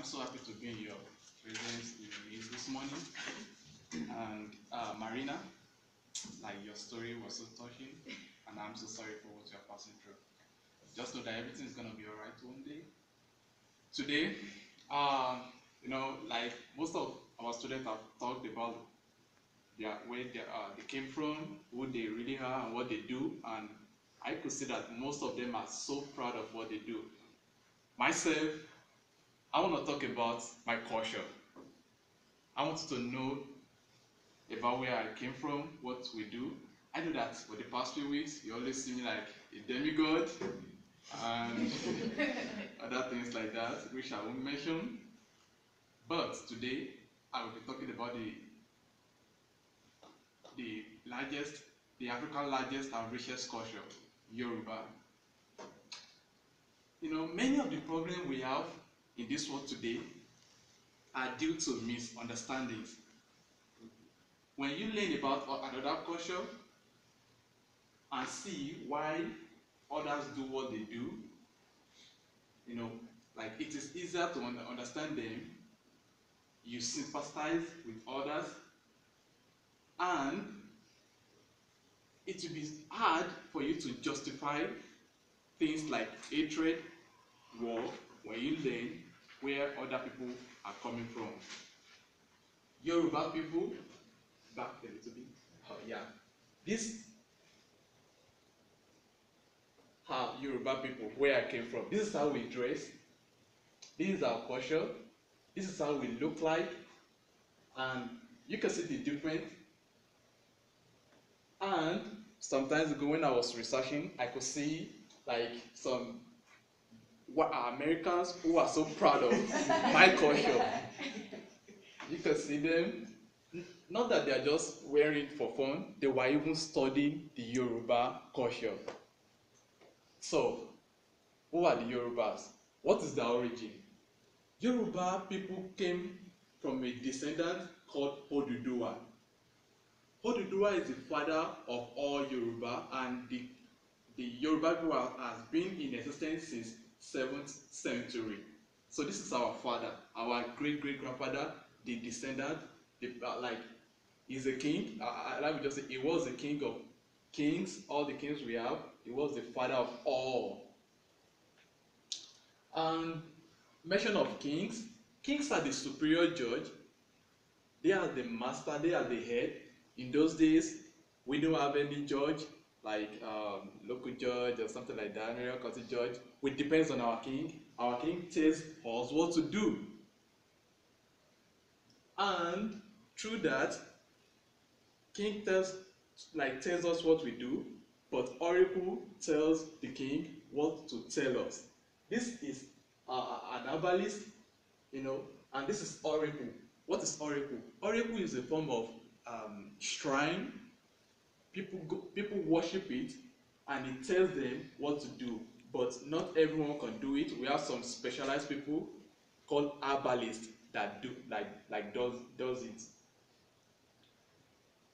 I'm so happy to be in your presence this morning. And uh, Marina, like your story was so touching, and I'm so sorry for what you're passing through. Just know that everything's gonna be alright one day. Today, uh, you know, like most of our students have talked about their, where they, uh, they came from, who they really are, and what they do, and I could see that most of them are so proud of what they do. Myself, I want to talk about my culture. I want you to know about where I came from, what we do. I know that for the past few weeks, you always see me like a demigod and other things like that, which I won't mention. But today, I will be talking about the the largest, the African largest and richest culture, Yoruba. You know, many of the problems we have in this world today are due to misunderstandings. When you learn about another culture and see why others do what they do, you know, like it is easier to understand them, you sympathize with others, and it will be hard for you to justify things like hatred, war, when you learn where other people are coming from. Yoruba people, back a little bit. Oh, yeah. This how Yoruba people where I came from. This is how we dress. This is our culture. This is how we look like. And you can see the difference. And sometimes when I was researching, I could see like some what are Americans who are so proud of my culture. You can see them. Not that they are just wearing it for fun, they were even studying the Yoruba culture. So, who are the Yorubas? What is their origin? Yoruba people came from a descendant called Oduduwa. Oduduwa is the father of all Yoruba and the, the Yoruba people has been in existence since 7th century. So this is our father, our great great grandfather, the descendant, the, uh, like he's a king. I uh, uh, uh, let me just say he was the king of kings, all the kings we have. He was the father of all. And mention of kings, kings are the superior judge. They are the master. They are the head. In those days, we don't have any judge. like um, local judge or something like that, Imperial County judge, which depends on our king. Our king tells us what to do. And through that, king tells like tells us what we do, but oracle tells the king what to tell us. This is uh, an herbalist, you know, and this is oracle. What is oracle? Oracle is a form of um, shrine people go, people worship it and it tells them what to do but not everyone can do it we have some specialized people called herbalists that do like like does does it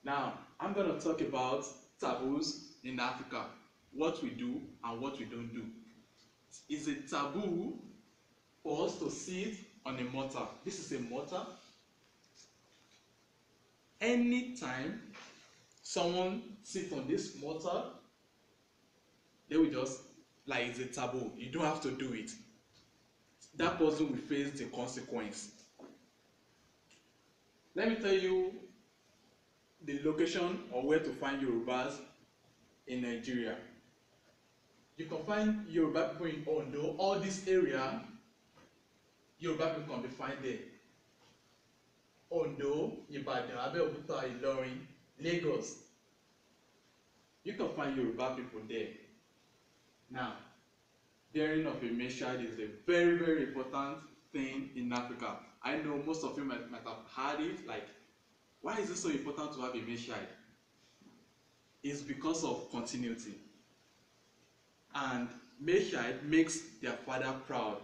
now i'm gonna talk about taboos in africa what we do and what we don't do Is a taboo for us to sit on a mortar this is a mortar anytime someone sit on this mortar they will just like it's a taboo you don't have to do it that person will face the consequence let me tell you the location or where to find yorubas in nigeria you can find yoruba people in ondo all this area yoruba people can be find there ondo ibadan abeokuta ilorin lagos you can find Yoruba people there. Now, bearing of a male is a very, very important thing in Africa. I know most of you might, might have heard it, like, why is it so important to have a male It's because of continuity. And male makes their father proud.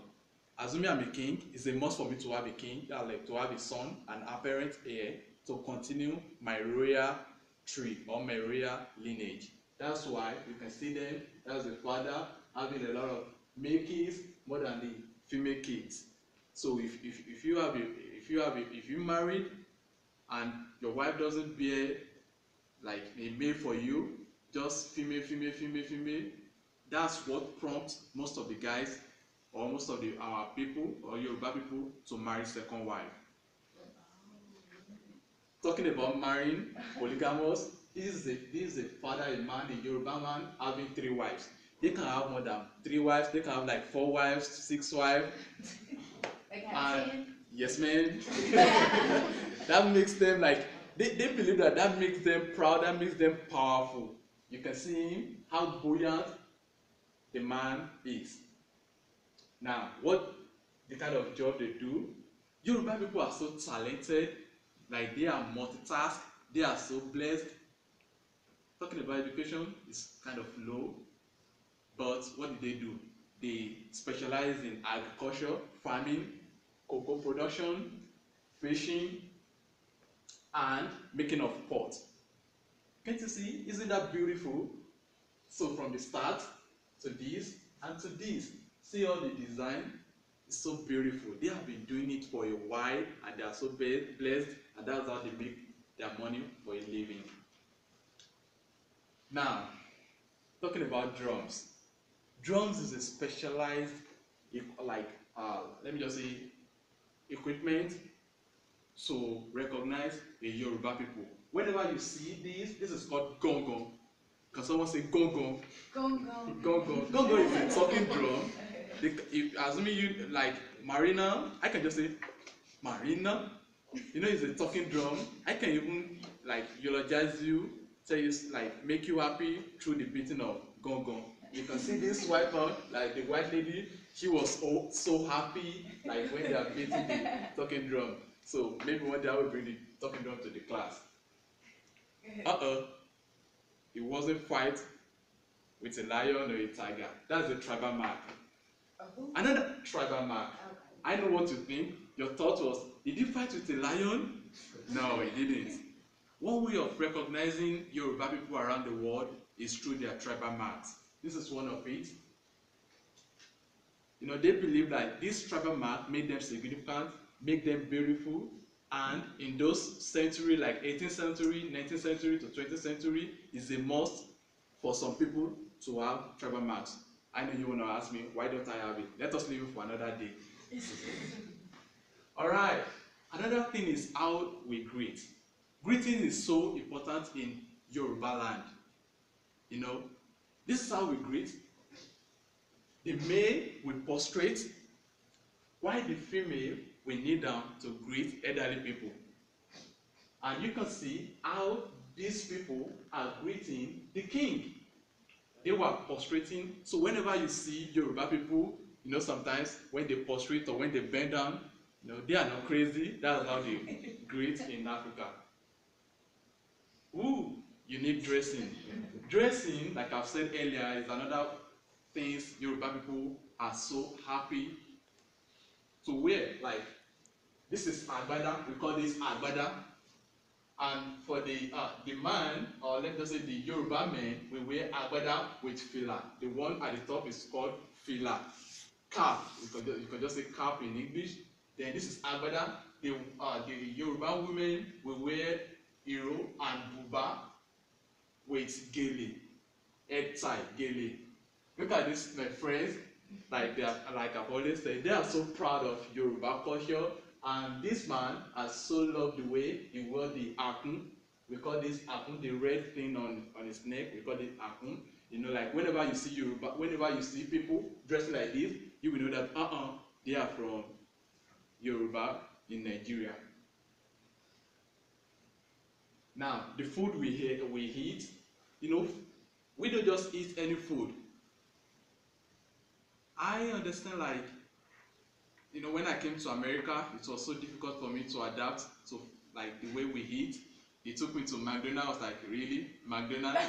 Assuming I'm a king, it's a must for me to have a king, like to have a son, an apparent heir, to continue my royal tree or Maria lineage. That's why you can see them. That's the father having a lot of male kids more than the female kids. So if, if, if you have a, if you have a, if you married and your wife doesn't bear like a male for you, just female, female, female, female, that's what prompts most of the guys or most of the our people or Yoruba people to marry second wife talking about marrying polygamous this is a this is a father a man a yoruba man having three wives they can have more than three wives they can have like four wives six wives and yes man that makes them like they they believe that that makes them proud that makes them powerful you can see how buoyant the man is now what the kind of job they do yoruba people are so talented like they are multitask they are so blessed talking about education is kind of low but what did they do they specialize in agriculture farming cocoa production fishing and making of pot can't you see isn't that beautiful so from the start to this and to this see all the design so beautiful. They have been doing it for a while and they are so blessed, and that's how they make their money for a living. Now, talking about drums. Drums is a specialized, like, uh, let me just say, equipment to recognize the Yoruba people. Whenever you see this, this is called gongo. Can someone say gong gong? Gong gong. Gong gong. Gong gong is a talking drum. They, if, assuming you like Marina, I can just say Marina. You know, it's a talking drum. I can even like eulogize you, tell you like make you happy through the beating of gong gong. You can see this white man, like the white lady. She was so, so happy, like when they are beating the talking drum. So maybe one day I will bring the talking drum to the class. Uh oh. -uh. He wasn't fight with a lion or a tiger. That's a tribal mark. Uh-huh. Another tribal mark. Okay. I know what you think. Your thought was, did he fight with a lion? no, he didn't. One way of recognizing Yoruba people around the world is through their tribal marks. This is one of it. You know, they believe that this tribal mark made them significant, make them beautiful, and in those century like 18th century 19th century to 20th century is a must for some people to have tribal marks i know you wanna ask me why don't i have it let us leave it for another day all right another thing is how we greet greeting is so important in yoruba land you know this is how we greet the male will prostrate while the female we need them to greet elderly people. And you can see how these people are greeting the king. They were prostrating. So whenever you see Yoruba people, you know, sometimes when they prostrate or when they bend down, you know, they are not crazy. That's how they greet in Africa. Ooh, need dressing. Dressing, like I've said earlier, is another thing Yoruba people are so happy to wear like this is agbada we call this agbada and for the uh, the man or let us say the Yoruba men we wear agbada with fila. the one at the top is called fila cap you can just, you can just say cap in English then this is agbada the uh, the Yoruba women we wear iro and buba with gele head tie gele look at this my friends Like, they are, like I've always said, they are so proud of Yoruba culture. And this man has so loved the way he wore the akun. We call this akun, the red thing on, on his neck. We call it akun. You know, like whenever you see Yoruba, whenever you see people dressed like this, you will know that uh-uh, they are from Yoruba in Nigeria. Now, the food we, we eat, you know, we don't just eat any food. I understand like you know when I came to America it was so difficult for me to adapt to like the way we eat he took me to McDonald's I was like really McDonald's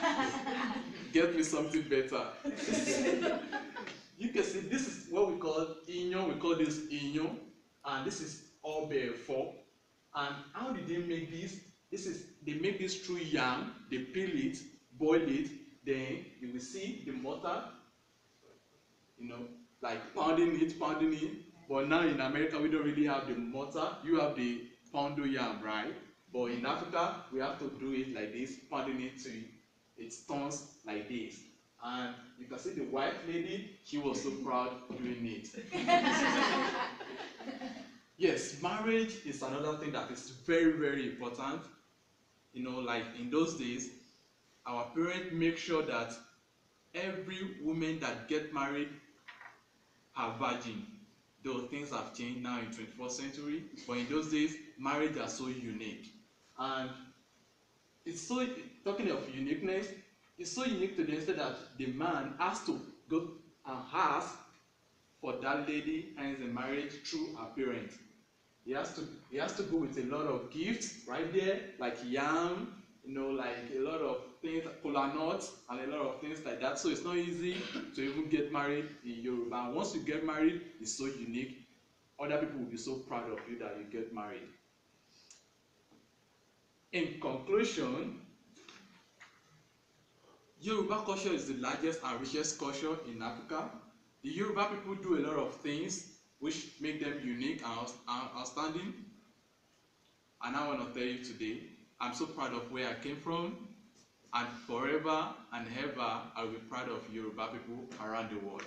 get me something better you can see this is what we call inyo we call this inyo and this is obe efo and how did they make this this is they make this through yam they peel it boil it then you will see the mortar you know like pounding it, pounding it. But now in America, we don't really have the mortar. You have the poundo yam, right? But in Africa, we have to do it like this, pounding it to it turns like this. And you can see the white lady, she was so proud doing it. yes, marriage is another thing that is very, very important. You know, like in those days, our parents make sure that every woman that get married are virgin though things have changed now in 21st century but in those days marriage are so unique and it's so talking of uniqueness it's so unique to the extent that the man has to go and ask for that lady and the marriage through her parents he has to he has to go with a lot of gifts right there like yam you know like a lot of things, kola nuts, and a lot of things like that. So it's not easy to even get married in Yoruba. And once you get married, it's so unique. Other people will be so proud of you that you get married. In conclusion, Yoruba culture is the largest and richest culture in Africa. The Yoruba people do a lot of things which make them unique and outstanding. And I want to tell you today, I'm so proud of where I came from, and forever and ever I will be proud of Yoruba people around the world.